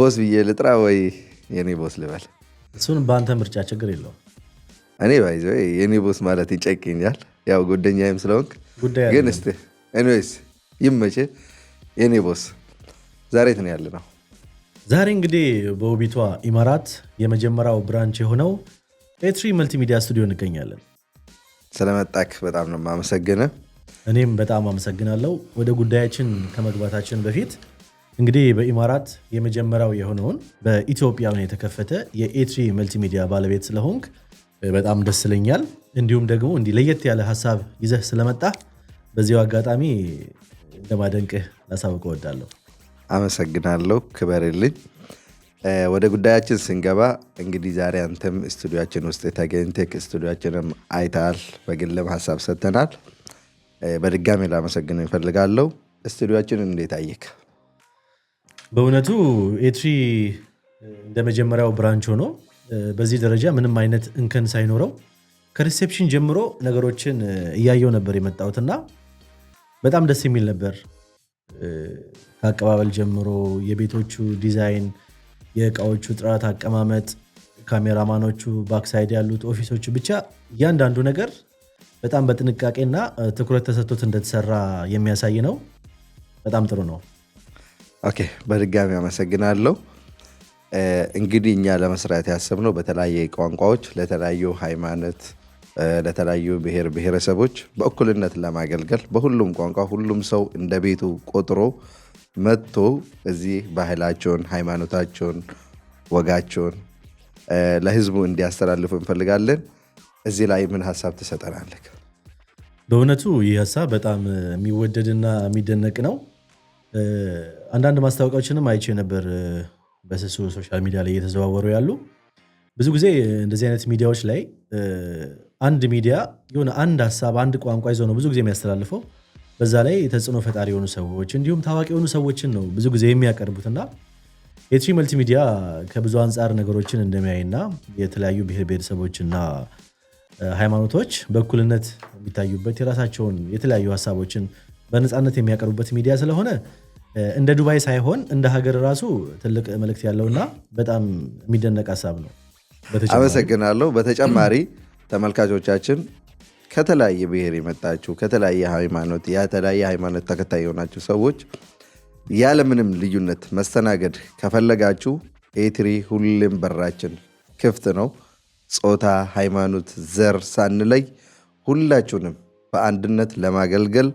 ቦስ ብዬ ልጥራ ወይ የኔ ቦስ ልበል? እሱን በአንተ ምርጫ ችግር የለው። እኔ ባይዘ የኔ ቦስ ማለት ይጨቅኛል፣ ያው ጓደኛዬም ስለሆንክ ግን ስ ኤኒዌይስ ይመቼ የኔ ቦስ። ዛሬ ትን ያለ ነው። ዛሬ እንግዲህ በውቢቷ ኢማራት የመጀመሪያው ብራንች የሆነው ኤትሪ መልቲሚዲያ ስቱዲዮ እንገኛለን። ስለመጣክ በጣም ነው የማመሰግነ። እኔም በጣም አመሰግናለሁ። ወደ ጉዳያችን ከመግባታችን በፊት እንግዲህ በኢማራት የመጀመሪያው የሆነውን በኢትዮጵያውያን የተከፈተ የኤትሪ መልቲሚዲያ ባለቤት ስለሆንክ በጣም ደስ ይለኛል። እንዲሁም ደግሞ እንዲህ ለየት ያለ ሀሳብ ይዘህ ስለመጣ በዚያው አጋጣሚ እንደማደንቅህ ላሳውቅ እወዳለሁ። አመሰግናለሁ። ክበርልኝ። ወደ ጉዳያችን ስንገባ እንግዲህ ዛሬ አንተም ስቱዲዮችን ውስጥ የተገኝተህ ስቱዲዮችንም አይተሃል፣ በግልም ሀሳብ ሰጥተናል። በድጋሚ ላመሰግነው እፈልጋለሁ። ስቱዲዮችን እንዴት አየህ? በእውነቱ ኤትሪ እንደመጀመሪያው ብራንች ሆኖ በዚህ ደረጃ ምንም አይነት እንከን ሳይኖረው ከሪሴፕሽን ጀምሮ ነገሮችን እያየው ነበር የመጣሁት እና በጣም ደስ የሚል ነበር። ከአቀባበል ጀምሮ የቤቶቹ ዲዛይን፣ የእቃዎቹ ጥራት፣ አቀማመጥ፣ ካሜራማኖቹ፣ ባክሳይድ ያሉት ኦፊሶቹ፣ ብቻ እያንዳንዱ ነገር በጣም በጥንቃቄና ትኩረት ተሰጥቶት እንደተሰራ የሚያሳይ ነው። በጣም ጥሩ ነው። ኦኬ፣ በድጋሚ አመሰግናለሁ። እንግዲህ እኛ ለመስራት ያሰብነው በተለያየ ቋንቋዎች ለተለያዩ ሃይማኖት፣ ለተለያዩ ብሔር ብሔረሰቦች በእኩልነት ለማገልገል በሁሉም ቋንቋ ሁሉም ሰው እንደ ቤቱ ቆጥሮ መጥቶ እዚህ ባህላቸውን፣ ሃይማኖታቸውን፣ ወጋቸውን ለህዝቡ እንዲያስተላልፉ እንፈልጋለን። እዚህ ላይ ምን ሀሳብ ትሰጠናለህ? በእውነቱ ይህ ሀሳብ በጣም የሚወደድና የሚደነቅ ነው። አንዳንድ ማስታወቂያዎችንም አይቼ ነበር በስሱ ሶሻል ሚዲያ ላይ እየተዘዋወሩ ያሉ። ብዙ ጊዜ እንደዚህ አይነት ሚዲያዎች ላይ አንድ ሚዲያ የሆነ አንድ ሀሳብ፣ አንድ ቋንቋ ይዞ ነው ብዙ ጊዜ የሚያስተላልፈው። በዛ ላይ ተጽዕኖ ፈጣሪ የሆኑ ሰዎች እንዲሁም ታዋቂ የሆኑ ሰዎችን ነው ብዙ ጊዜ የሚያቀርቡትና የትሪ መልቲሚዲያ ከብዙ አንጻር ነገሮችን እንደሚያይና የተለያዩ ብሔር ብሔረሰቦችና ሃይማኖቶች በእኩልነት የሚታዩበት የራሳቸውን የተለያዩ ሀሳቦችን በነፃነት የሚያቀርቡበት ሚዲያ ስለሆነ እንደ ዱባይ ሳይሆን እንደ ሀገር ራሱ ትልቅ መልእክት ያለውና በጣም የሚደነቅ ሀሳብ ነው። አመሰግናለሁ። በተጨማሪ ተመልካቾቻችን ከተለያየ ብሔር የመጣችሁ ከተለያየ ሃይማኖት የተለያየ ሃይማኖት ተከታይ የሆናችሁ ሰዎች ያለምንም ልዩነት መስተናገድ ከፈለጋችሁ ኤትሪ ሁሌም በራችን ክፍት ነው። ጾታ፣ ሃይማኖት፣ ዘር ሳንለይ ሁላችሁንም በአንድነት ለማገልገል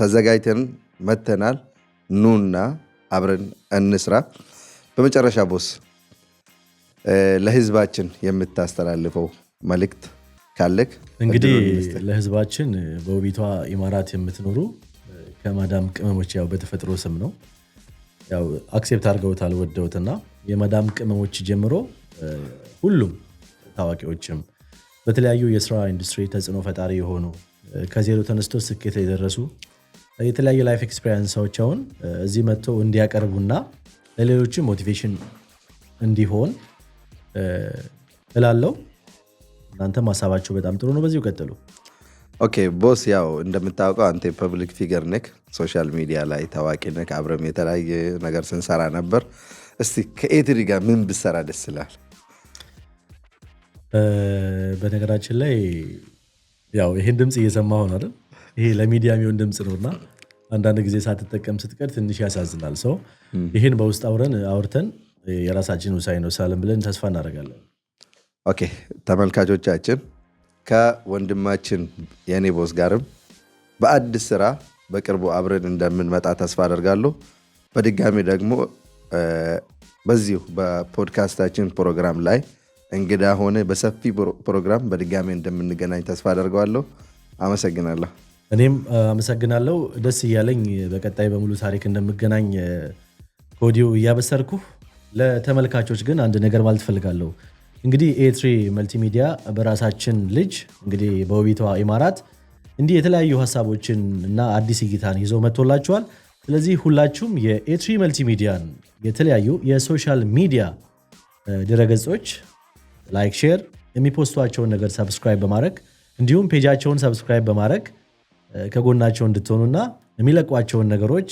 ተዘጋጅተን መተናል። ኑና አብረን እንስራ። በመጨረሻ ቦስ ለህዝባችን የምታስተላልፈው መልእክት ካለክ? እንግዲህ ለህዝባችን በውቢቷ ኢማራት የምትኖሩ ከማዳም ቅመሞች ያው በተፈጥሮ ስም ነው ያው አክሴፕት አድርገውታል ወደውትና የማዳም ቅመሞች ጀምሮ ሁሉም ታዋቂዎችም በተለያዩ የስራ ኢንዱስትሪ ተጽዕኖ ፈጣሪ የሆኑ ከዜሮ ተነስቶ ስኬት የደረሱ የተለያዩ ላይፍ ኤክስፔሪንስ ሰዎች እዚህ መጥቶ እንዲያቀርቡና ለሌሎች ሞቲቬሽን እንዲሆን እላለው። እናንተም ማሳባቸው በጣም ጥሩ ነው፣ በዚሁ ቀጥሉ። ኦኬ ቦስ፣ ያው እንደምታውቀው አንተ የፐብሊክ ፊገር ነክ፣ ሶሻል ሚዲያ ላይ ታዋቂ ነክ፣ አብረም የተለያየ ነገር ስንሰራ ነበር። እስቲ ከኤትሪ ጋር ምን ብሰራ ደስ ይላል? በነገራችን ላይ ያው ይህን ድምፅ እየሰማ አይደል ይሄ ለሚዲያ የሚሆን ድምፅ ነውና አንዳንድ ጊዜ ሳትጠቀም ስትቀር ትንሽ ያሳዝናል። ሰው ይህን በውስጥ አውረን አውርተን የራሳችን ውሳኔ ሳለን ብለን ተስፋ እናደርጋለን። ኦኬ ተመልካቾቻችን ከወንድማችን የእኔ ቦስ ጋርም በአዲስ ስራ በቅርቡ አብረን እንደምንመጣ ተስፋ አደርጋለሁ። በድጋሚ ደግሞ በዚሁ በፖድካስታችን ፕሮግራም ላይ እንግዳ ሆነ በሰፊ ፕሮግራም በድጋሚ እንደምንገናኝ ተስፋ አደርገዋለሁ። አመሰግናለሁ። እኔም አመሰግናለሁ። ደስ እያለኝ በቀጣይ በሙሉ ታሪክ እንደምገናኝ ከወዲሁ እያበሰርኩ፣ ለተመልካቾች ግን አንድ ነገር ማለት ፈልጋለሁ። እንግዲህ ኤትሪ መልቲሚዲያ በራሳችን ልጅ እንግዲህ በውቢቷ ኢማራት እንዲህ የተለያዩ ሀሳቦችን እና አዲስ እይታን ይዞ መጥቶላችኋል። ስለዚህ ሁላችሁም የኤትሪ መልቲሚዲያን የተለያዩ የሶሻል ሚዲያ ድረገጾች ላይክ፣ ሼር የሚፖስቷቸውን ነገር ሰብስክራይብ በማድረግ እንዲሁም ፔጃቸውን ሰብስክራይብ በማድረግ ከጎናቸው እንድትሆኑና የሚለቋቸውን ነገሮች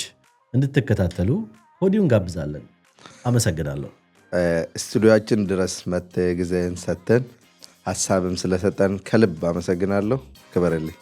እንድትከታተሉ ሆዲሁን ጋብዛለን። አመሰግናለሁ። ስቱዲዮችን ድረስ መተ ጊዜን ሰተን ሀሳብም ስለሰጠን ከልብ አመሰግናለሁ። ክበርልኝ።